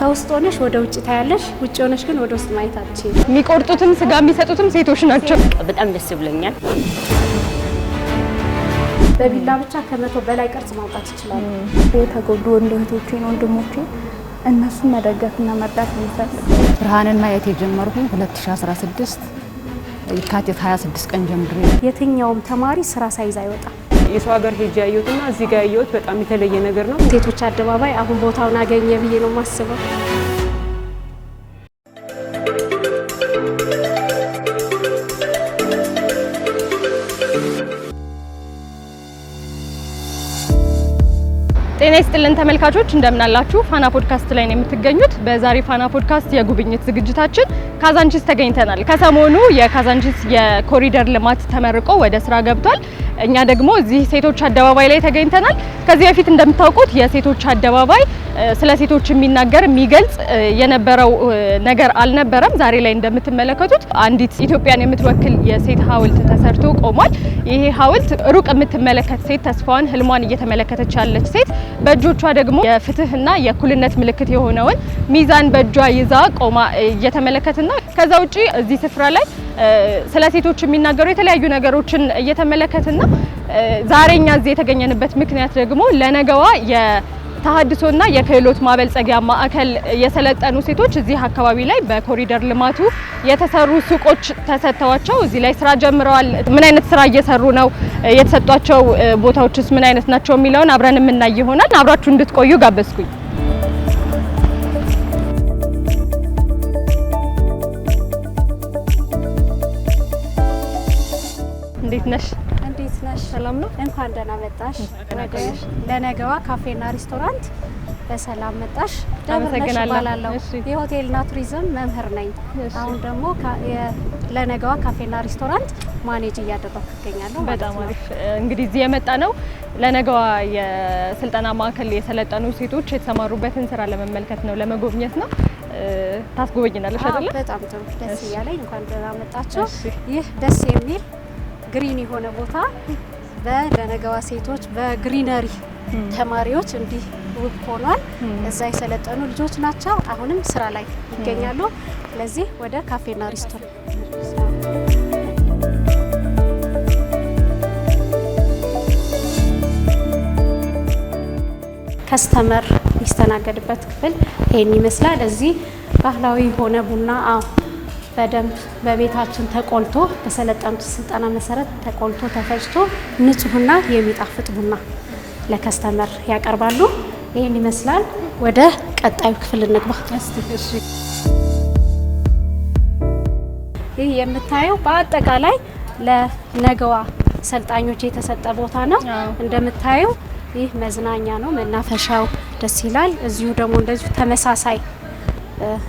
ከውስጥ ሆነሽ ወደ ውጭ ታያለሽ፣ ውጭ ሆነሽ ግን ወደ ውስጥ ማየት አትችይም። የሚቆርጡትም ስጋ የሚሰጡትም ሴቶች ናቸው። በጣም ደስ ብሎኛል። በቢላ ብቻ ከመቶ በላይ ቅርጽ ማውጣት ይችላሉ። የተጎዱ ወንድ እህቶቼን ወንድሞቼን እነሱን መደገፍና መርዳት የሚፈልግ ብርሃንን ማየት የጀመርኩ 2016 የካቲት 26 ቀን ጀምሬ የትኛውም ተማሪ ስራ ሳይዝ አይወጣም። የሰው ሀገር ሄጄ እዚህ ጋር ያየሁት በጣም የተለየ ነገር ነው። ሴቶች አደባባይ አሁን ቦታውን አገኘ ብዬ ነው የማስበው። ጤና ይስጥልን ተመልካቾች እንደምን አላችሁ? ፋና ፖድካስት ላይ ነው የምትገኙት። በዛሬ ፋና ፖድካስት የጉብኝት ዝግጅታችን ካዛንቺስ ተገኝተናል። ከሰሞኑ የካዛንቺስ የኮሪደር ልማት ተመርቆ ወደ ስራ ገብቷል። እኛ ደግሞ እዚህ ሴቶች አደባባይ ላይ ተገኝተናል። ከዚህ በፊት እንደምታውቁት የሴቶች አደባባይ ስለ ሴቶች የሚናገር የሚገልጽ የነበረው ነገር አልነበረም። ዛሬ ላይ እንደምትመለከቱት አንዲት ኢትዮጵያን የምትወክል የሴት ሐውልት ተሰርቶ ቆሟል። ይሄ ሐውልት ሩቅ የምትመለከት ሴት ተስፋዋን፣ ህልሟን እየተመለከተች ያለች ሴት በእጆቿ ደግሞ የፍትህና የእኩልነት ምልክት የሆነውን ሚዛን በእጇ ይዛ ቆማ እየተመለከትና ከዛ ውጪ እዚህ ስፍራ ላይ ስለ ሴቶች የሚናገሩ የተለያዩ ነገሮችን እየተመለከትን ነው። ዛሬ እኛ እዚህ የተገኘንበት ምክንያት ደግሞ ለነገዋ የተሀድሶና የክህሎት ማበልጸጊያ ማዕከል የሰለጠኑ ሴቶች እዚህ አካባቢ ላይ በኮሪደር ልማቱ የተሰሩ ሱቆች ተሰጥተዋቸው እዚህ ላይ ስራ ጀምረዋል። ምን አይነት ስራ እየሰሩ ነው? የተሰጧቸው ቦታዎችስ ምን አይነት ናቸው? የሚለውን አብረን የምናይ ይሆናል። አብራችሁ እንድትቆዩ ጋበዝኩኝ። እንዴት ነሽ? እንዴት ነሽ? ሰላም ነው? እንኳን ደህና መጣሽ ለነገዋ ካፌና ሬስቶራንት። በሰላም መጣሽ። ደብርነሽ እባላለሁ የሆቴልና ቱሪዝም መምህር ነኝ። አሁን ደግሞ ለነገዋ ካፌና ሬስቶራንት ማኔጅ እያደረኩ እገኛለሁ። በጣም አሪፍ። እንግዲህ እዚህ የመጣ ነው ለነገዋ የስልጠና ማዕከል የሰለጠኑ ሴቶች የተሰማሩበትን ስራ ለመመልከት ነው፣ ለመጎብኘት ነው። ታስጎበኝናለሽ አይደለ? በጣም ጥሩ። ደስ እያለኝ እንኳን ደህና መጣችሁ። ይህ ደስ የሚል ግሪን የሆነ ቦታ በለነገዋ ሴቶች በግሪነሪ ተማሪዎች እንዲህ ውብ ሆኗል። እዛ የሰለጠኑ ልጆች ናቸው። አሁንም ስራ ላይ ይገኛሉ። ስለዚህ ወደ ካፌና ሪስቶራንት ከስተመር የሚስተናገድበት ክፍል ይህን ይመስላል። እዚህ ባህላዊ የሆነ ቡና አዎ በደንብ በቤታችን ተቆልቶ በሰለጠኑት ስልጠና መሰረት ተቆልቶ ተፈጭቶ ንጹህና የሚጣፍጥ ቡና ለከስተመር ያቀርባሉ። ይህን ይመስላል። ወደ ቀጣዩ ክፍል እንግባ። ይህ የምታየው በአጠቃላይ ለነገዋ ሰልጣኞች የተሰጠ ቦታ ነው። እንደምታየው ይህ መዝናኛ ነው፣ መናፈሻው ደስ ይላል። እዚሁ ደግሞ እንደዚሁ ተመሳሳይ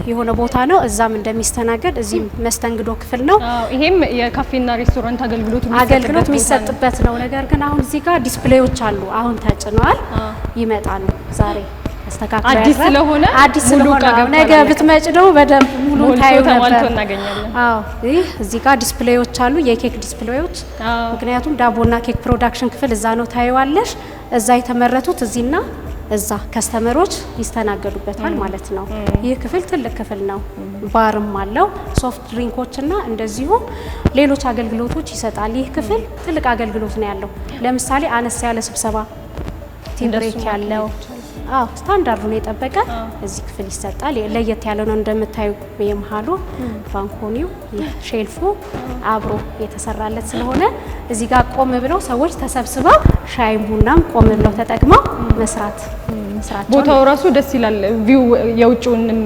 የሆነ ቦታ ነው። እዛም እንደሚስተናገድ እዚህም መስተንግዶ ክፍል ነው። ይሄም የካፌና ሬስቶራንት አገልግሎት አገልግሎት የሚሰጥበት ነው። ነገር ግን አሁን እዚህ ጋር ዲስፕሌዎች አሉ። አሁን ተጭነዋል፣ ይመጣሉ ዛሬ አዲስ ስለሆነ አዲስ ስለሆነ ነገ ብትመጪ ደግሞ በደንብ ሙሉ ታዩ ነበር። አዎ ይህ እዚህ ጋር ዲስፕሌዎች አሉ፣ የኬክ ዲስፕሌዎች። ምክንያቱም ዳቦና ኬክ ፕሮዳክሽን ክፍል እዛ ነው ታዩዋለሽ። እዛ የተመረቱት እዚህና እዛ ከስተመሮች ይስተናገዱበታል ማለት ነው። ይህ ክፍል ትልቅ ክፍል ነው። ባርም አለው፣ ሶፍት እና እንደዚሁ ሌሎች አገልግሎቶች ይሰጣል። ይህ ክፍል ትልቅ አገልግሎት ነው ያለው። ለምሳሌ አነስ ያለ ስብሰባ ቲ ብሬክ ያለው አዎ ስታንዳርዱን የጠበቀ እዚህ ክፍል ይሰጣል። ለየት ያለ ነው እንደምታዩ የመሀሉ ባንኮኒው ሼልፉ አብሮ የተሰራለት ስለሆነ እዚህ ጋር ቆም ብለው ሰዎች ተሰብስበው ሻይም ቡናም ቆም ብለው ተጠቅመው መስራት ቦታው ራሱ ደስ ይላል። ቪው የውጭውንም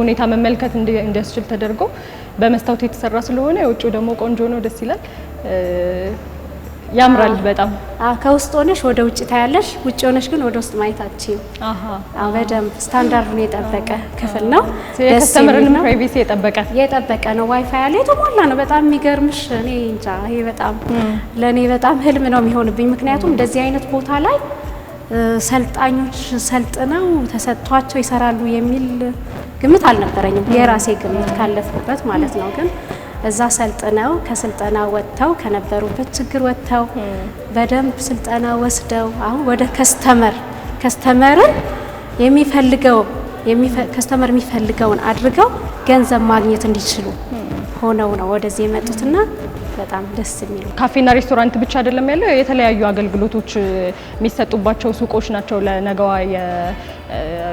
ሁኔታ መመልከት እንዲያስችል ተደርጎ በመስታወት የተሰራ ስለሆነ የውጭው ደግሞ ቆንጆ ነው፣ ደስ ይላል። ያምራል በጣም ከውስጥ ሆነሽ ወደ ውጭ ታያለሽ፣ ውጭ ሆነሽ ግን ወደ ውስጥ ማየት አትችይም። በደንብ ስታንዳርዱን የጠበቀ ክፍል ነው። ከስተምርን ፕራይቬሲ የጠበቀ የጠበቀ ነው። ዋይፋይ አለ፣ የተሟላ ነው። በጣም የሚገርምሽ እኔ እንጃ፣ ይሄ በጣም ለእኔ በጣም ህልም ነው የሚሆንብኝ። ምክንያቱም እንደዚህ አይነት ቦታ ላይ ሰልጣኞች ሰልጥነው ተሰጥቷቸው ይሰራሉ የሚል ግምት አልነበረኝም። የራሴ ግምት ካለፍኩበት ማለት ነው ግን እዛ ሰልጥነው ከስልጠና ወጥተው ከነበሩበት ችግር ወጥተው በደንብ ስልጠና ወስደው አሁን ወደ ከስተመር ከስተመርን የሚፈልገው ከስተመር የሚፈልገውን አድርገው ገንዘብ ማግኘት እንዲችሉ ሆነው ነው ወደዚህ የመጡትና በጣም ደስ የሚል ካፌና ሬስቶራንት ብቻ አይደለም ያለው፣ የተለያዩ አገልግሎቶች የሚሰጡባቸው ሱቆች ናቸው። ለነገዋ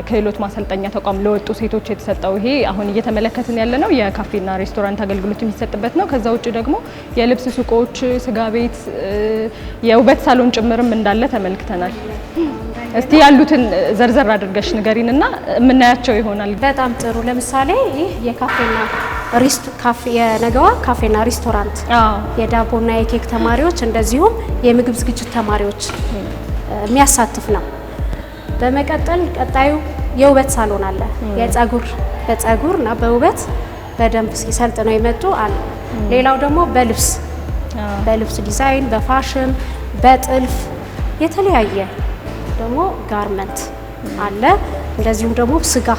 ክህሎት ማሰልጠኛ ተቋም ለወጡ ሴቶች የተሰጠው ይሄ አሁን እየተመለከትን ያለነው የካፌና ሬስቶራንት አገልግሎት የሚሰጥበት ነው። ከዛ ውጭ ደግሞ የልብስ ሱቆች፣ ስጋ ቤት፣ የውበት ሳሎን ጭምርም እንዳለ ተመልክተናል። እስቲ ያሉትን ዘርዘር አድርገሽ ንገሪን እና የምናያቸው ይሆናል። በጣም ጥሩ። ለምሳሌ ይህ የካፌና የነገዋ ካፌና ሬስቶራንት የዳቦና የኬክ ተማሪዎች እንደዚሁም የምግብ ዝግጅት ተማሪዎች የሚያሳትፍ ነው። በመቀጠል ቀጣዩ የውበት ሳሎን አለ። የጸጉር በጸጉር እና በውበት በደንብ ሲሰልጥ ነው የመጡ አለ። ሌላው ደግሞ በልብስ በልብስ ዲዛይን፣ በፋሽን፣ በጥልፍ የተለያየ ደግሞ ጋርመንት አለ። እንደዚሁም ደግሞ ስጋ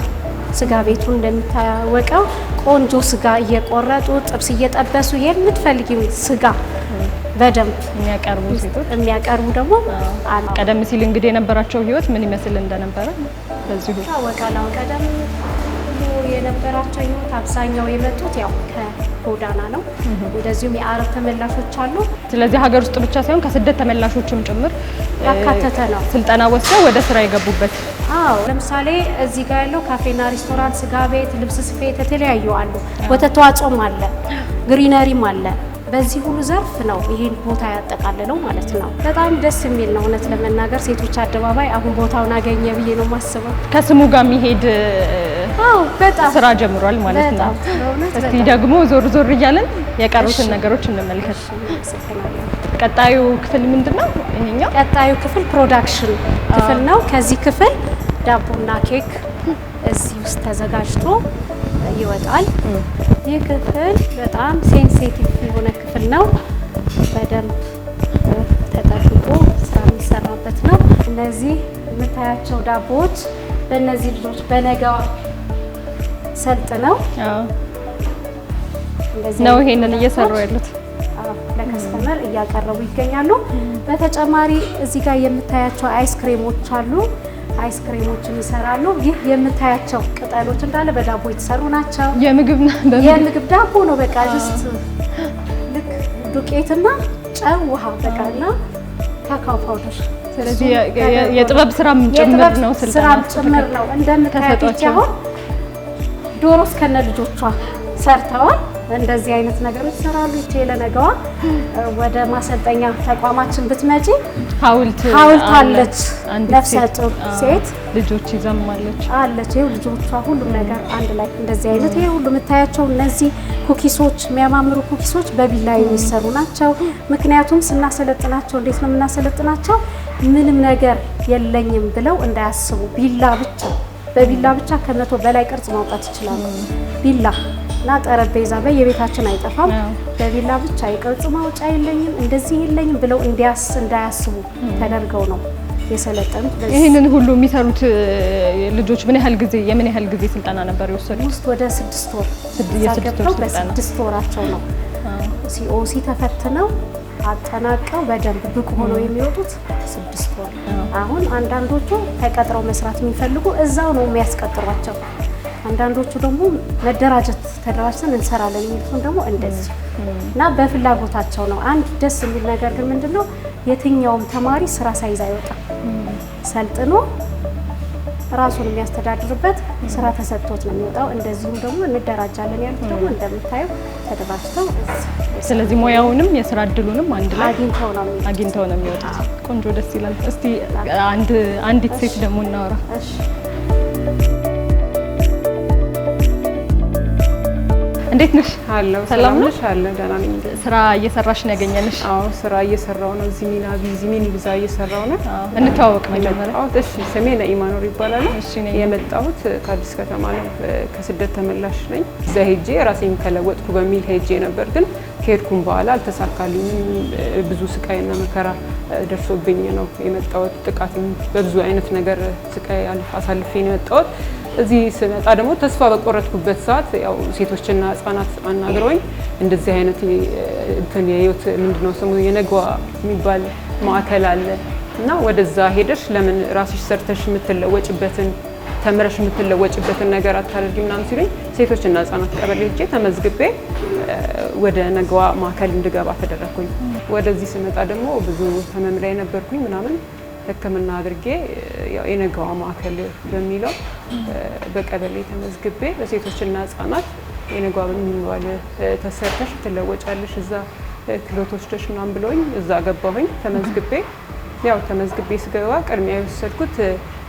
ስጋ ቤቱ እንደሚታወቀው ቆንጆ ስጋ እየቆረጡ ጥብስ እየጠበሱ የምትፈልጊው ስጋ በደንብ የሚያቀርቡ ሴቶች የሚያቀርቡ ደግሞ ቀደም ሲል እንግዲህ የነበራቸው ህይወት ምን ይመስል እንደነበረ በዚሁ ይታወቃል። ቀደም የነበራቸው ህይወት አብዛኛው የመጡት ያው ከጎዳና ነው። እንደዚሁም የአረብ ተመላሾች አሉ። ስለዚህ ሀገር ውስጥ ብቻ ሳይሆን ከስደት ተመላሾችም ጭምር ያካተተ ነው። ስልጠና ወስደው ወደ ስራ የገቡበት። አዎ፣ ለምሳሌ እዚህ ጋር ያለው ካፌና ሬስቶራንት፣ ስጋ ቤት፣ ልብስ ስፌት የተለያዩ አሉ። ወተት ተዋጽኦም አለ፣ ግሪነሪም አለ በዚህ ሁሉ ዘርፍ ነው ይህን ቦታ ያጠቃልለው ማለት ነው። በጣም ደስ የሚል ነው። እውነት ለመናገር ሴቶች አደባባይ አሁን ቦታውን አገኘ ብዬ ነው የማስበው። ከስሙ ጋር የሚሄድ ስራ ጀምሯል ማለት ነው። እስቲ ደግሞ ዞር ዞር እያለን የቀሩትን ነገሮች እንመልከት። ቀጣዩ ክፍል ምንድን ነው? ይሄኛው ቀጣዩ ክፍል ፕሮዳክሽን ክፍል ነው። ከዚህ ክፍል ዳቦና ኬክ እዚህ ውስጥ ተዘጋጅቶ ይወጣል። ይህ ክፍል በጣም ሴንሴቲቭ የሆነ ክፍል ነው። በደንብ ተጠብቆ ስራ የሚሰራበት ነው። እነዚህ የምታያቸው ዳቦዎች በእነዚህ ልጆች በነገዋ ሰልጥ ነው ነው ይሄንን እየሰሩ ያሉት ለከስተመር እያቀረቡ ይገኛሉ። በተጨማሪ እዚህ ጋር የምታያቸው አይስክሬሞች አሉ። አይስክሬሞችን ይሰራሉ። ይህ የምታያቸው ቅጠሎች እንዳለ በዳቦ የተሰሩ ናቸው። የምግብ ዳቦ ነው። በቃ ጅስት ልክ ዱቄትና ጨው፣ ውሃ በቃ እና ካካው ፓውደር። ስለዚህ የጥበብ ስራም ጭምር ነው፣ ስራም ጭምር ነው። እንደምታያቸው አሁን ዶሮ እስከነ ልጆቿ ሰርተዋል። እንደዚህ አይነት ነገሮች ይሰራሉ። ይቼ ለነገዋ ወደ ማሰልጠኛ ተቋማችን ብትመጪ ሀውልት ሀውልት አለች። ነፍሰ ጡር ሴት ልጆች ይዘማለች አለች። ይሄ ልጆቿ ሁሉም ነገር አንድ ላይ እንደዚህ አይነት ይሄ ሁሉ የምታያቸው እነዚህ ኩኪሶች፣ የሚያማምሩ ኩኪሶች በቢላ የሚሰሩ ናቸው። ምክንያቱም ስናሰለጥናቸው እንዴት ነው የምናሰለጥናቸው? ምንም ነገር የለኝም ብለው እንዳያስቡ ቢላ ብቻ በቢላ ብቻ ከመቶ በላይ ቅርጽ ማውጣት ይችላሉ ቢላ እና ጠረጴዛ በየቤታችን አይጠፋም። በቪላ ብቻ የቅርጽ ማውጫ የለኝም እንደዚህ የለኝም ብለው እንዳያስቡ ተደርገው ነው የሰለጠኑት። ይህንን ሁሉ የሚሰሩት ልጆች ምን ያህል ጊዜ የምን ያህል ጊዜ ስልጠና ነበር የወሰዱት? ወደ ስድስት ወር ገብተው በስድስት ወራቸው ነው ሲኦሲ ተፈትነው አጠናቀው በደንብ ብቁ ሆነው የሚወጡት ስድስት ወር። አሁን አንዳንዶቹ ተቀጥረው መስራት የሚፈልጉ እዛው ነው የሚያስቀጥሯቸው። አንዳንዶቹ ደግሞ መደራጀት ተደራጅተን እንሰራለን የሚሉትን ደግሞ እንደዚህ እና በፍላጎታቸው ነው። አንድ ደስ የሚል ነገር ግን ምንድን ነው የትኛውም ተማሪ ስራ ሳይዝ አይወጣም። ሰልጥኖ ራሱን የሚያስተዳድርበት ስራ ተሰጥቶት ነው የሚወጣው። እንደዚሁም ደግሞ እንደራጃለን ያሉት ደግሞ እንደምታየው ተደራጅተው ስለዚህ ሙያውንም የስራ እድሉንም አንድ ላይ አግኝተው ነው የሚወጡት። ቆንጆ ደስ ይላል። እስቲ አንዲት ሴት ደግሞ እናወራ እንዴት ነሽ? አለው ሰላም ነሽ? አለ ደህና ነኝ። ስራ እየሰራሽ ነው ያገኘንሽ? አዎ ስራ እየሰራው ነው። ዚሚና ዚሚን ብዛ እየሰራው ነው። እንተዋወቅ መጀመሪያ። አዎ እሺ። ስሜ ነኢማ ኖር ይባላል። እሺ፣ ነኝ የመጣሁት ከአዲስ ከተማ ነው። ከስደት ተመላሽ ነኝ። እዛ ሄጄ ራሴን ከለወጥኩ በሚል ሄጄ ነበር፣ ግን ከሄድኩም በኋላ አልተሳካልኝም። ብዙ ስቃይና መከራ ደርሶብኝ ነው የመጣሁት። ጥቃትም በብዙ አይነት ነገር ስቃይ አሳልፌ ነው የመጣሁት። እዚህ ስመጣ ደግሞ ተስፋ በቆረጥኩበት ሰዓት ያው ሴቶችና ህጻናት አናግረውኝ እንደዚህ አይነት እንትን የህይወት ምንድነው ስሙ የነጓ የሚባል ማዕከል አለ እና ወደዛ ሄደሽ ለምን ራስሽ ሰርተሽ የምትለወጭበትን ተምረሽ የምትለወጭበትን ነገር አታደርጊ ምናምን ሲሉኝ ሴቶችና ህጻናት ቀበሌ ሄጄ ተመዝግቤ ወደ ነገዋ ማዕከል እንድገባ ተደረግኩኝ። ወደዚህ ስመጣ ደግሞ ብዙ ህመም ላይ ነበርኩኝ ምናምን ህክምና አድርጌ የነገዋ ማዕከል በሚለው በቀበሌ ተመዝግቤ በሴቶችና ህጻናት የነገዋ በሚባል ተሰርተሽ ትለወጫለሽ እዛ ክሎቶች ደሽ ምናምን ብለውኝ እዛ ገባሁኝ ተመዝግቤ ያው ተመዝግቤ ስገባ ቅድሚያ የወሰድኩት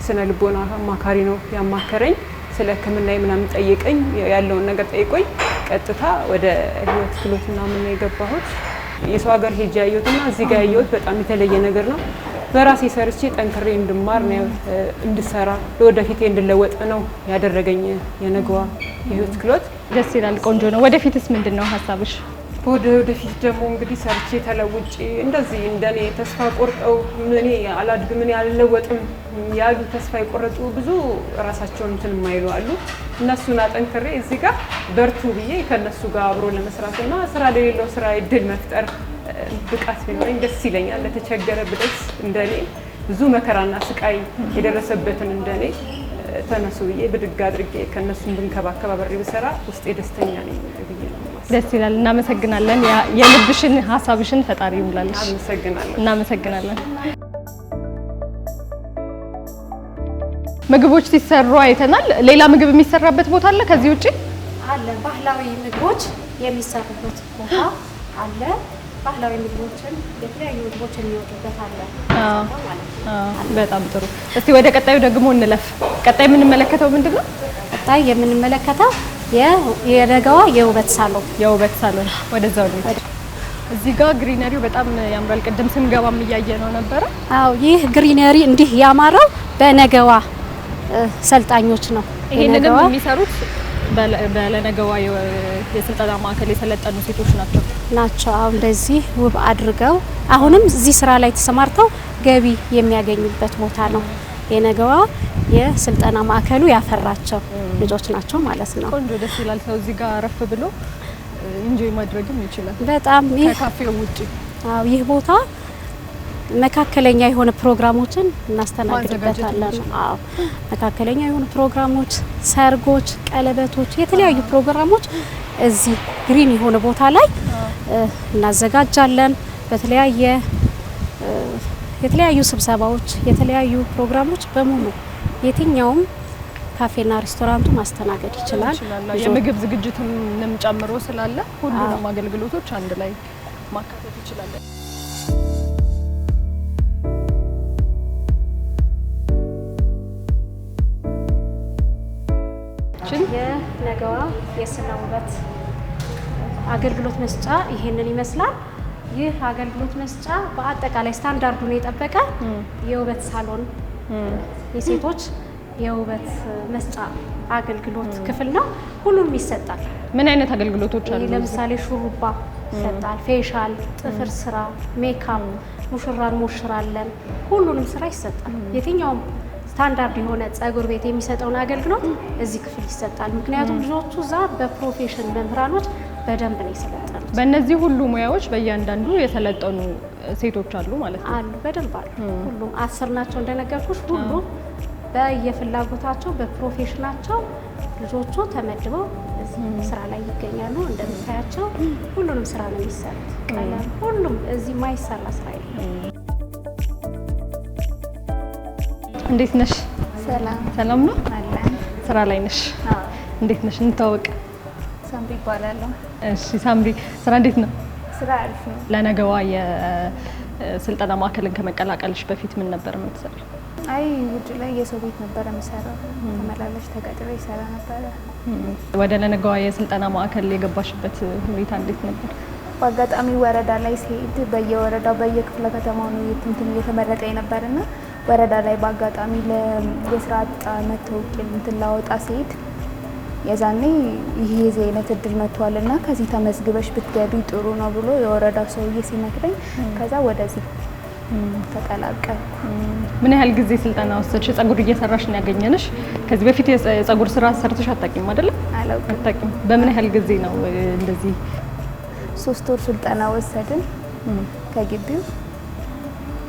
ስነ ልቦና አማካሪ ነው ያማከረኝ። ስለ ህክምና ምናምን ጠየቀኝ፣ ያለውን ነገር ጠይቆኝ ቀጥታ ወደ ህይወት ክሎት ምናምን የገባሁት የሰው ሀገር ሄጄ ያየሁትና እዚህ ጋር ያየሁት በጣም የተለየ ነገር ነው። በራሴ ሰርቼ ጠንክሬ እንድማር ነው እንድሰራ ለወደፊቴ እንድለወጥ ነው ያደረገኝ የነገዋ የህይወት ክሎት። ደስ ይላል። ቆንጆ ነው። ወደፊትስ ምንድን ነው ሀሳብሽ? ወደ ወደፊት ደግሞ እንግዲህ ሰርቼ ተለውጬ እንደዚህ እንደኔ ተስፋ ቆርጠው እኔ አላድግም እኔ አልለወጥም ያሉ ተስፋ የቆረጡ ብዙ ራሳቸውን እንትን የማይሉ አሉ። እነሱን አጠንክሬ እዚህ ጋር በርቱ ብዬ ከእነሱ ጋር አብሮ ለመስራትና ስራ ለሌለው ስራ እድል መፍጠር ብቃት ቢኖረኝ ደስ ይለኛል። ለተቸገረ ብደስ እንደኔ ብዙ መከራና ስቃይ የደረሰበትን እንደኔ ተነሱ ብዬ ብድግ አድርጌ ከእነሱም ብንከባከብ አብሬ ብሰራ ውስጤ ደስተኛ ነኝ ብዬ ነው። ደስ ይላል። እናመሰግናለን። የልብሽን ሀሳብሽን ፈጣሪ ይሙላልሽ። አመሰግናለን። እናመሰግናለን። ምግቦች ሲሰሩ አይተናል። ሌላ ምግብ የሚሰራበት ቦታ አለ ከዚህ ውጭ አለ ባህላዊ ምግቦች የሚሰሩበት ቦታ አለ። ባህላዊ ምግቦችን የተለያዩ የሚወጡበት አለ በጣም ጥሩ እስቲ ወደ ቀጣዩ ደግሞ እንለፍ ቀጣይ የምንመለከተው ምንድን ነው ቀጣይ የምንመለከተው የደጋዋ የውበት ሳሎን የውበት ሳሎን ወደዛው እዚህ ጋር ግሪነሪው በጣም ያምራል ቅድም ስንገባም እያየ ነው ነበረ አዎ ይህ ግሪነሪ እንዲህ ያማረው በነገዋ ሰልጣኞች ነው ይሄንንም የሚሰሩት በለነገዋ የስልጠና ማዕከል የሰለጠኑ ሴቶች ናቸው ናቸው። አሁን እንደዚህ ውብ አድርገው አሁንም እዚህ ስራ ላይ ተሰማርተው ገቢ የሚያገኙበት ቦታ ነው። የነገዋ የስልጠና ማዕከሉ ያፈራቸው ልጆች ናቸው ማለት ነው። ቆንጆ ደስ ይላል። ሰው እዚህ ጋር አረፍ ብሎ ኢንጆይ ማድረግም ይችላል። በጣም ካፌው ውጪ ይህ ቦታ መካከለኛ የሆነ ፕሮግራሞችን እናስተናግድበታለን። አዎ መካከለኛ የሆነ ፕሮግራሞች፣ ሰርጎች፣ ቀለበቶች፣ የተለያዩ ፕሮግራሞች እዚህ ግሪን የሆነ ቦታ ላይ እናዘጋጃለን። በተለያየ የተለያዩ ስብሰባዎች፣ የተለያዩ ፕሮግራሞች በሙሉ የትኛውም ካፌና ሬስቶራንቱ ማስተናገድ ይችላል። የምግብ ዝግጅትንም ጨምሮ ስላለ ሁሉንም አገልግሎቶች አንድ ላይ ማካተት ይችላለን። ነገዋ የስነ ውበት አገልግሎት መስጫ ይሄንን ይመስላል። ይህ አገልግሎት መስጫ በአጠቃላይ ስታንዳርዱን የጠበቀ የውበት ሳሎን የሴቶች የውበት መስጫ አገልግሎት ክፍል ነው። ሁሉም ይሰጣል። ምን አይነት አገልግሎቶች አሉ? ለምሳሌ ሹሩባ ይሰጣል፣ ፌሻል፣ ጥፍር ስራ፣ ሜካፕ፣ ሙሽራን ሞሽራለን፣ ሁሉንም ስራ ይሰጣል። የትኛውም ስታንዳርድ የሆነ ጸጉር ቤት የሚሰጠውን አገልግሎት እዚህ ክፍል ይሰጣል። ምክንያቱም ብዙዎቹ እዛ በፕሮፌሽን መምህራኖች በደንብ ነው የሰለጠኑት። በእነዚህ ሁሉ ሙያዎች በእያንዳንዱ የሰለጠኑ ሴቶች አሉ ማለት ነው? አሉ፣ በደንብ አሉ። ሁሉም አስር ናቸው እንደነገርኩሽ። ሁሉም በየፍላጎታቸው በፕሮፌሽናቸው ልጆቹ ተመድበው ስራ ላይ ይገኛሉ። እንደምታያቸው ሁሉንም ስራ ነው የሚሰሩት። ቀለም ሁሉም እዚህ ማይሰራ ስራ የለም። እንዴት ነሽ? ሰላም ሰላም ነው። ስራ ላይ ነሽ? እንዴት ነሽ? እንታወቅ ሳምሪ ይባላለሁ። እሺ ሳምሪ፣ ስራ እንዴት ነው? ስራ አሪፍ ነው። ለነገዋ የስልጠና ማዕከልን ከመቀላቀልሽ በፊት ምን ነበር የምትሰሪው? አይ ውጭ ላይ የሰው ቤት ነበረ የምሰራው። ተመላለሽ ተቀጥሮ ይሰራ ነበረ። ወደ ለነገዋ የስልጠና ማዕከል የገባሽበት ሁኔታ እንዴት ነበር? በአጋጣሚ ወረዳ ላይ ሲሄድ በየወረዳው በየክፍለ ከተማው ነው እንትን እየተመረጠ የነበርና ወረዳ ላይ በአጋጣሚ የስራ አጥ መታወቂያ እንትን ላወጣ ሲሄድ የዛኔ ይሄ የዚህ አይነት እድል መጥቷል እና ከዚህ ተመዝግበሽ ብትገቢ ጥሩ ነው ብሎ የወረዳው ሰውዬ ሲመክረኝ ከዛ ወደዚህ ተቀላቀልኩ። ምን ያህል ጊዜ ስልጠና ወሰድሽ? ጸጉር እየሰራሽ ነው ያገኘንሽ። ከዚህ በፊት የጸጉር ስራ ሰርተሽ አታውቂም አይደለም? አታውቂም። በምን ያህል ጊዜ ነው እንደዚህ? ሶስት ወር ስልጠና ወሰድን ከግቢው።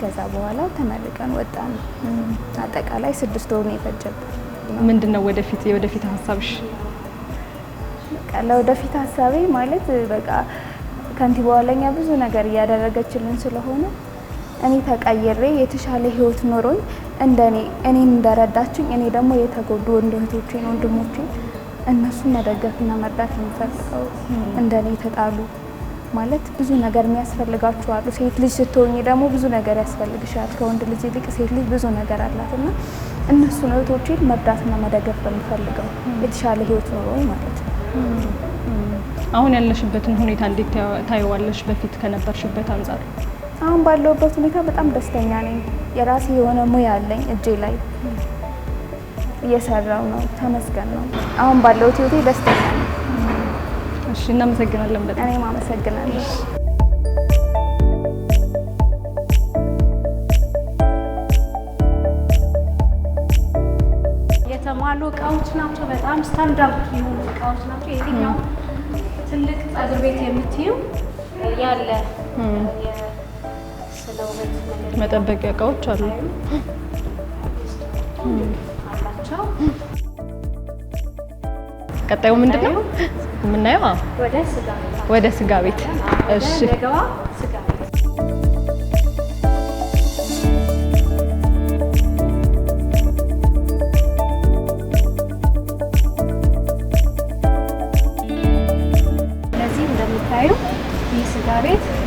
ከዛ በኋላ ተመርቀን ወጣን። አጠቃላይ ስድስት ወር ነው የፈጀብን። ምንድን ነው ወደፊት የወደፊት ሀሳብሽ? ለወደፊት ሀሳቤ ማለት በቃ ከንቲባዋ ለኛ ብዙ ነገር እያደረገችልን ስለሆነ እኔ ተቀይሬ የተሻለ ህይወት ኖሮኝ እንደኔ እኔን እንደረዳችኝ እኔ ደግሞ የተጎዱ ወንድ እህቶቼን ወንድሞቼን እነሱን መደገፍና መርዳት የምፈልገው እንደኔ የተጣሉ ማለት ብዙ ነገር የሚያስፈልጋቸው አሉ። ሴት ልጅ ስትሆኝ ደግሞ ብዙ ነገር ያስፈልግሻል። ከወንድ ልጅ ይልቅ ሴት ልጅ ብዙ ነገር አላት እና እነሱን እህቶቼን መርዳትና መደገፍ በሚፈልገው የተሻለ ህይወት ኖሮ ማለት ነው። አሁን ያለሽበትን ሁኔታ እንዴት ታየዋለሽ? በፊት ከነበርሽበት አንጻር አሁን ባለውበት ሁኔታ በጣም ደስተኛ ነኝ። የራሴ የሆነ ሙያ አለኝ እጄ ላይ እየሰራው ነው። ተመስገን ነው። አሁን ባለው ህይወቴ ደስተኛ ነኝ። እሺ፣ እናመሰግናለን። በጣም እኔም አመሰግናለሁ። የሚባሉ እቃዎች ናቸው። በጣም ስታንዳርድ የሆኑ እቃዎች ናቸው። የትኛው ትልቅ ጸጉር ቤት የምትይው ያለ ስለውበት መጠበቂያ እቃዎች አሉ አላቸው። ቀጣዩ ምንድን ነው የምናየው? ወደ ስጋ ቤት። እሺ ስጋ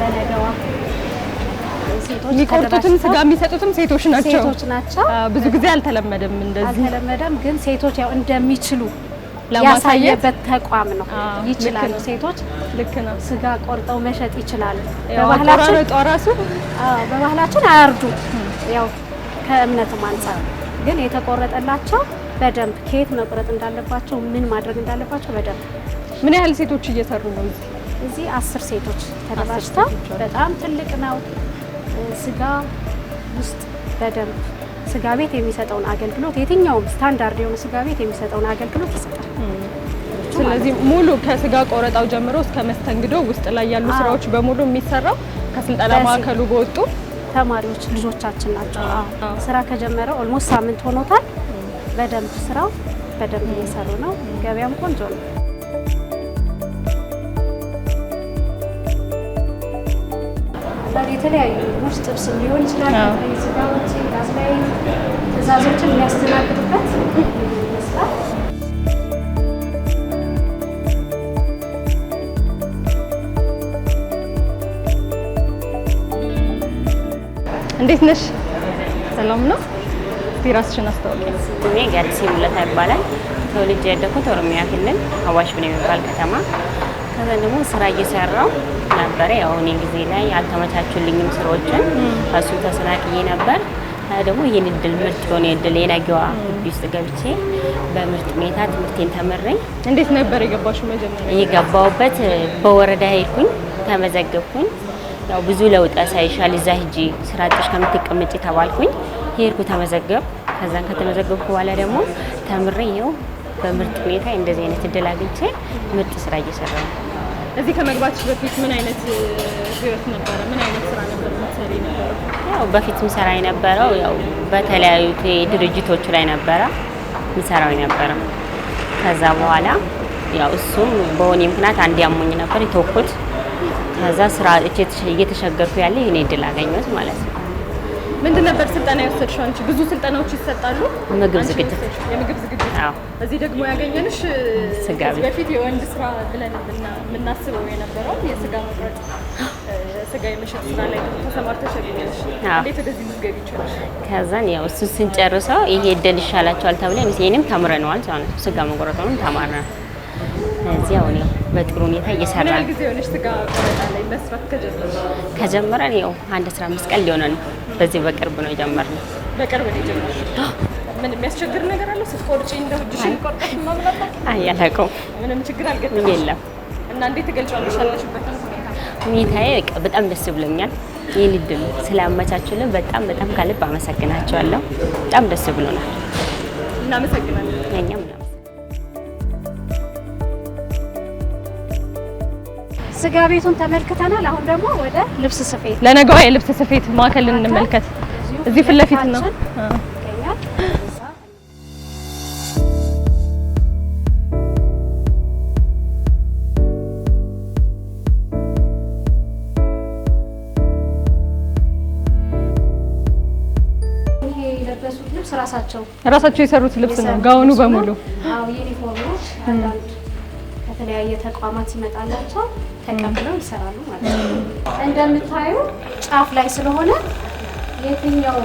ለነገዋ የሚቆርጡትም ስጋ የሚሰጡትም ሴቶች ናቸው። ሴቶች ናቸው። ብዙ ጊዜ አልተለመደም፣ እንደዚህ አልተለመደም። ግን ሴቶች ያው እንደሚችሉ ያሳየበት ተቋም ነው። ይችላሉ፣ ሴቶች ልክ ነው። ስጋ ቆርጠው መሸጥ ይችላሉ። በባህላችን ጦራሱ በባህላችን አያርዱ ያው ከእምነትም አንጻር ግን የተቆረጠላቸው በደንብ ከየት መቁረጥ እንዳለባቸው ምን ማድረግ እንዳለባቸው በደንብ ምን ያህል ሴቶች እየሰሩ ነው እዚህ እዚህ አስር ሴቶች ተደራጅተው በጣም ትልቅ ነው። ስጋ ውስጥ በደንብ ስጋ ቤት የሚሰጠውን አገልግሎት የትኛውም ስታንዳርድ የሆነ ስጋ ቤት የሚሰጠውን አገልግሎት ይሰጣል። ስለዚህ ሙሉ ከስጋ ቆረጣው ጀምሮ እስከ መስተንግዶ ውስጥ ላይ ያሉ ስራዎች በሙሉ የሚሰራው ከስልጠና ማዕከሉ በወጡ ተማሪዎች ልጆቻችን ናቸው። ስራ ከጀመረ ኦልሞስት ሳምንት ሆኖታል። በደንብ ስራው በደንብ እየሰሩ ነው። ገበያም ቆንጆ ነው። የሚባል የተለያዩ ምግቦች ጥብስ ሊሆን ይችላል፣ ስጋዎች፣ ጋዝላይ ትእዛዞችን የሚያስተናግድበት ይመስላል። እንዴት ነሽ? ሰላም ነው። ቢራስሽን አስታውቂኝ። እኔ ጋዲሴ ሙለታ ይባላል። ተወልጄ ያደኩት ኦሮሚያ ክልል አዋሽ ብን የሚባል ከተማ። ከዛ ደግሞ ስራ እየሰራው ነበረ። ያው እኔ ጊዜ ላይ አልተመቻቹልኝም ስራዎችን እሱ ተሰናቅዬ ነበር። ደግሞ ይህን እድል ምርጥ የሆነ እድል የነገዋ ግቢ ውስጥ ገብቼ በምርጥ ሁኔታ ትምህርቴን ተመረኝ። እንዴት ነበር የገባሽው? መጀመሪያ የገባሁበት በወረዳ ሄድኩኝ፣ ተመዘገብኩኝ። ያው ብዙ ለውጥ ሳይሻል እዛ ሂጂ ስራ አጥሽ ተባልኩኝ። ሄድኩ፣ ተመዘገብ። ከዛን ከተመዘገብኩ በኋላ ደግሞ ተምሬ ይኸው በምርጥ ሁኔታ እንደዚህ አይነት እድል አግኝቼ ምርጥ ስራ እየሰራ ነው። እዚህ ከመግባትሽ በፊት ምን አይነት ህይወት ነበረ? ምን አይነት ስራ ነበር የምትሰሪ ነበረ? ያው በፊት ምሰራ የነበረው ያው በተለያዩ ድርጅቶች ላይ ነበረ ምሰራው የነበረ ከዛ በኋላ ያው እሱም በሆኔ ምክንያት አንድ ያሞኝ ነበር የተወኩት። ከዛ ስራ እየተሸገርኩ ያለ ይህን እድል አገኘሁት ማለት ነው። ምንድን ነበር ስልጠና የወሰድሽው አንቺ? ብዙ ስልጠናዎች ይሰጣሉ። ምግብ ዝግጅት፣ የምግብ ዝግጅት። እዚህ ደግሞ ያገኘንሽ ስጋ በፊት የወንድ ስራ ብለን የምናስበው የነበረው የስጋ መቁረጥ፣ ስጋ የመሸጥ ስራ ላይ ተሰማርተሽ ያገኘንሽ። እንዴት ወደዚህ ምዝገብ ይችላል? ከዛን ያው እሱ ስንጨርሰው ይሄ እድል ይሻላቸዋል ተብለ ይህንም ተምረነዋል። ስጋ መቁረጡንም እዚያው እኔ በጥሩ ሁኔታ እየሰራ ነው። ከጀመረን ያው አንድ አስራ አምስት ቀን ሊሆነ ነው። በዚህ በቅርብ ነው የጀመርነው። በቅርብ ነው የጀመርነው። ምን የሚያስቸግር ነገር አለው? ስትቆርጪ እንደው እጅሽን ቆርጠሽ ማምጣት? አይ አላውቀውም። ምንም ችግር አልገጠም የለም። እና እንዴት ትገልጫለሽ ያለሽበትን ሁኔታ? ሁኔታዬ በጣም ደስ ብሎኛል። ይህን እድል ስላመቻችሁልን በጣም በጣም ከልብ አመሰግናቸዋለሁ። በጣም ደስ ብሎናል። እናመሰግናለን። እኛም ነው ስጋ ቤቱን ተመልክተናል። አሁን ደግሞ ወደ ልብስ ስፌት፣ ለነገዋ የልብስ ስፌት ማዕከል እንመልከት። እዚህ ፊት ለፊት ነው። ራሳቸው የሰሩት ልብስ ነው ጋውኑ በሙሉ ከተለያየ ተቋማት ሲመጣላቸው ተቀብለው ይሰራሉ ማለት ነው። እንደምታዩ ጫፍ ላይ ስለሆነ የትኛው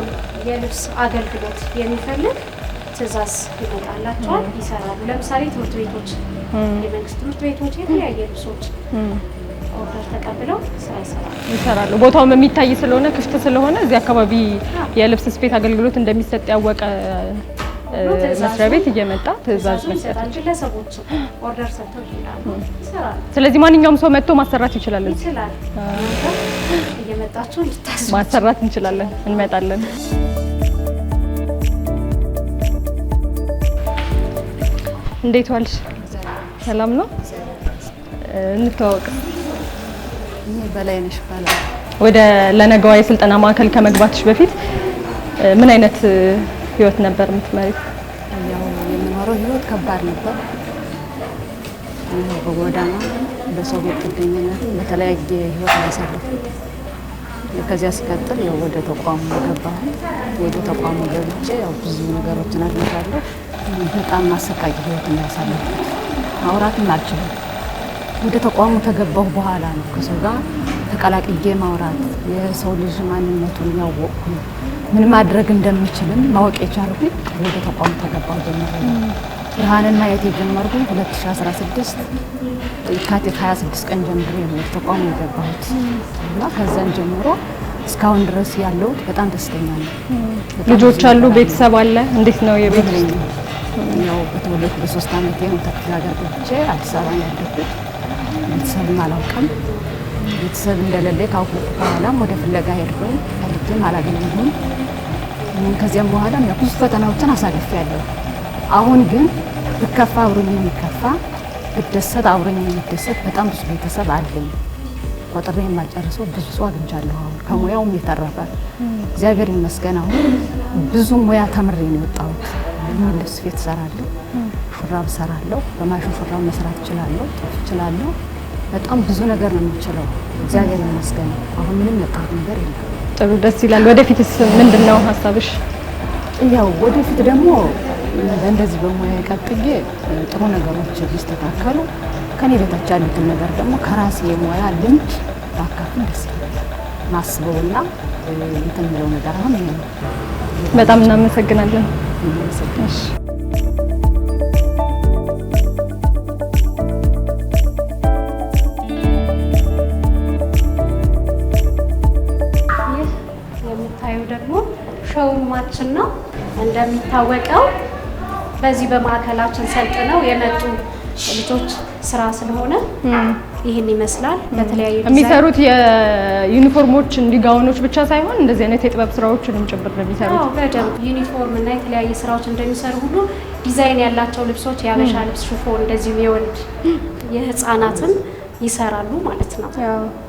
የልብስ አገልግሎት የሚፈልግ ትዕዛዝ ይመጣላቸዋል፣ ይሰራሉ። ለምሳሌ ትምህርት ቤቶች፣ የመንግስት ትምህርት ቤቶች የተለያየ ልብሶች ይሰራሉ። ቦታውም የሚታይ ስለሆነ ክፍት ስለሆነ እዚህ አካባቢ የልብስ ስፌት አገልግሎት እንደሚሰጥ ያወቀ መስሪያ ቤት እየመጣ ትዕዛዝ መስጠት ለሰዎች ስለዚህ ማንኛውም ሰው መጥቶ ማሰራት ይችላል። ማሰራት እንችላለን። እንመጣለን። እንዴት ዋልሽ? ሰላም ነው። እንተዋወቅ። በላይነሽ ወደ ለነገዋ የስልጠና ማዕከል ከመግባትሽ በፊት ምን አይነት ህይወት ነበር የምትመሪ? የምኖረው ህይወት ከባድ ነበር። በጎዳና በሰው ቤት ጥገኝነት በተለያየ ህይወት ያሳለፍኩት። ከዚያ ሲቀጥል ወደ ተቋሙ ገባሁ። ወደ ተቋሙ ገብቼ ብዙ ነገሮችን አግኝቻለሁ። በጣም አሰቃቂ ህይወት ያሳለፍኩት ማውራትም አልችልም። ወደ ተቋሙ ከገባሁ በኋላ ነው ከሰው ጋር ተቀላቅዬ ማውራት የሰው ልጅ ማንነቱን ያወቅኩ ነው። ምን ማድረግ እንደምችልም ማወቅ የቻልኩኝ ወደ ተቋሙ ተገባሁ ጀምሮ ብርሃንና የት የጀመርኩኝ 2016 የካቲት 26 ቀን ጀምሮ ወደ ተቋሙ የገባሁት እና ከዛን ጀምሮ እስካሁን ድረስ ያለሁት በጣም ደስተኛ ነው። ልጆች አሉ፣ ቤተሰብ አለ። እንዴት ነው የቤት ያው በተወለድኩ በሶስት ዓመት ነው ተክል ሀገር ገብቼ አዲስ አበባ ያደኩት። ቤተሰብም አላውቅም። ቤተሰብ እንደሌለ ካወቅኩ በኋላም ወደ ፍለጋ ሄድኩኝ፣ ፈልጌም አላገኘሁም። ከዚያም በኋላ ብዙ ፈተናዎችን አሳልፍ ያለው አሁን ግን ብከፋ አብሮኝ የሚከፋ ብደሰት አብሮኝ የሚደሰት በጣም ብዙ ቤተሰብ አለኝ። ቆጥሬ የማልጨርሰው ብዙ ሰው አግኝቻለሁ። አሁን ከሙያውም የተረፈ እግዚአብሔር ይመስገን። አሁን ብዙ ሙያ ተምሬ ነው የወጣሁት። ልብስ ቤት እሰራለሁ፣ ሹራብ እሰራለሁ፣ በማሽን ሹራብ መስራት እችላለሁ፣ ጥልፍ እችላለሁ። በጣም ብዙ ነገር ነው የምችለው። እግዚአብሔር ይመስገን። አሁን ምንም ያጣሁት ነገር የለም። ጥሩ ደስ ይላል። ወደፊትስ ምንድን ነው ሀሳብሽ? ያው ወደፊት ደግሞ እንደዚህ በሙያ ቀጥዬ ጥሩ ነገሮች ቢስተካከሉ ከኔ በታች ያሉትን ነገር ደግሞ ከራሴ የሙያ ልምድ ባካፍል ደስ ይላል። ማስበውና እንትን የሚለው ነገር አሁን በጣም እናመሰግናለን። ፕሮግራማችን ነው። እንደሚታወቀው በዚህ በማዕከላችን ሰልጥነው የመጡ ልጆች ስራ ስለሆነ ይህን ይመስላል። በተለያዩ የሚሰሩት የዩኒፎርሞች እንዲህ ጋውኖች ብቻ ሳይሆን እንደዚህ አይነት የጥበብ ስራዎችንም ጭምር ነው የሚሰሩት። በደንብ ዩኒፎርም እና የተለያየ ስራዎች እንደሚሰሩ ሁሉ ዲዛይን ያላቸው ልብሶች፣ የአበሻ ልብስ፣ ሽፎን እንደዚሁም የወንድ የህፃናትም ይሰራሉ ማለት ነው።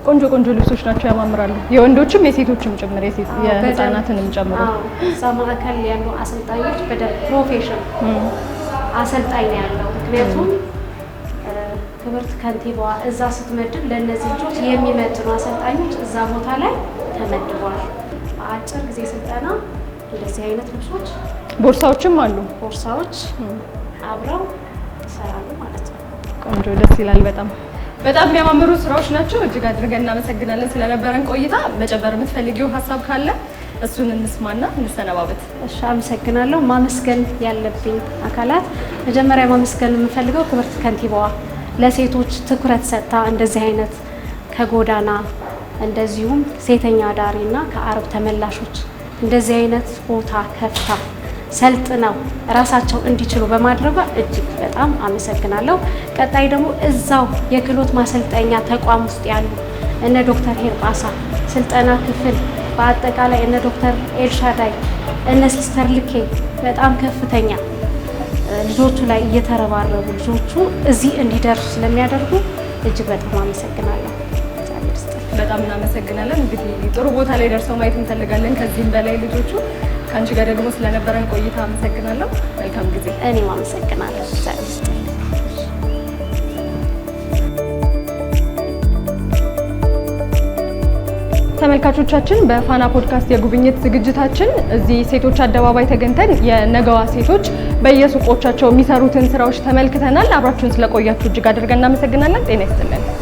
ቆንጆ ቆንጆ ልብሶች ናቸው፣ ያማምራሉ። የወንዶችም የሴቶችም ጭምር የህፃናትንም ጨምሮ እዛ ማዕከል ያሉ አሰልጣኞች በደንብ ፕሮፌሽን አሰልጣኝ ነው ያለው። ምክንያቱም ክብርት ከንቲባዋ እዛ ስትመድብ ለእነዚህ ልጆች የሚመጥኑ አሰልጣኞች እዛ ቦታ ላይ ተመድቧል። በአጭር ጊዜ ስልጠና እንደዚህ አይነት ልብሶች፣ ቦርሳዎችም አሉ። ቦርሳዎች አብረው ይሰራሉ ማለት ነው። ቆንጆ ደስ ይላል በጣም በጣም የሚያማምሩ ስራዎች ናቸው። እጅግ አድርገን እናመሰግናለን ስለነበረን ቆይታ። መጨመር የምትፈልጊው ሀሳብ ካለ እሱን እንስማና እንሰነባበት። እሺ፣ አመሰግናለሁ። ማመስገን ያለብኝ አካላት መጀመሪያ ማመስገን የምፈልገው ክብርት ከንቲባዋ ለሴቶች ትኩረት ሰጥታ እንደዚህ አይነት ከጎዳና እንደዚሁም ሴተኛ አዳሪና ከአረብ ተመላሾች እንደዚህ አይነት ቦታ ከፍታ ሰልጥነው ራሳቸው እንዲችሉ በማድረጓ እጅግ በጣም አመሰግናለሁ። ቀጣይ ደግሞ እዛው የክህሎት ማሰልጠኛ ተቋም ውስጥ ያሉ እነ ዶክተር ሄርጳሳ ስልጠና ክፍል በአጠቃላይ እነ ዶክተር ኤልሻዳይ እነ ሲስተር ልኬ በጣም ከፍተኛ ልጆቹ ላይ እየተረባረቡ ልጆቹ እዚህ እንዲደርሱ ስለሚያደርጉ እጅግ በጣም አመሰግናለሁ። በጣም እናመሰግናለን። እንግዲህ ጥሩ ቦታ ላይ ደርሰው ማየት እንፈልጋለን። ከዚህም በላይ ልጆቹ ከአንቺ ጋር ደግሞ ስለነበረን ቆይታ አመሰግናለሁ። መልካም ጊዜ። እኔም አመሰግናለሁ። ተመልካቾቻችን በፋና ፖድካስት የጉብኝት ዝግጅታችን እዚህ ሴቶች አደባባይ ተገኝተን የነገዋ ሴቶች በየሱቆቻቸው የሚሰሩትን ስራዎች ተመልክተናል። አብራችሁን ስለቆያችሁ እጅግ አድርገን እናመሰግናለን። ጤና ይስጥልን።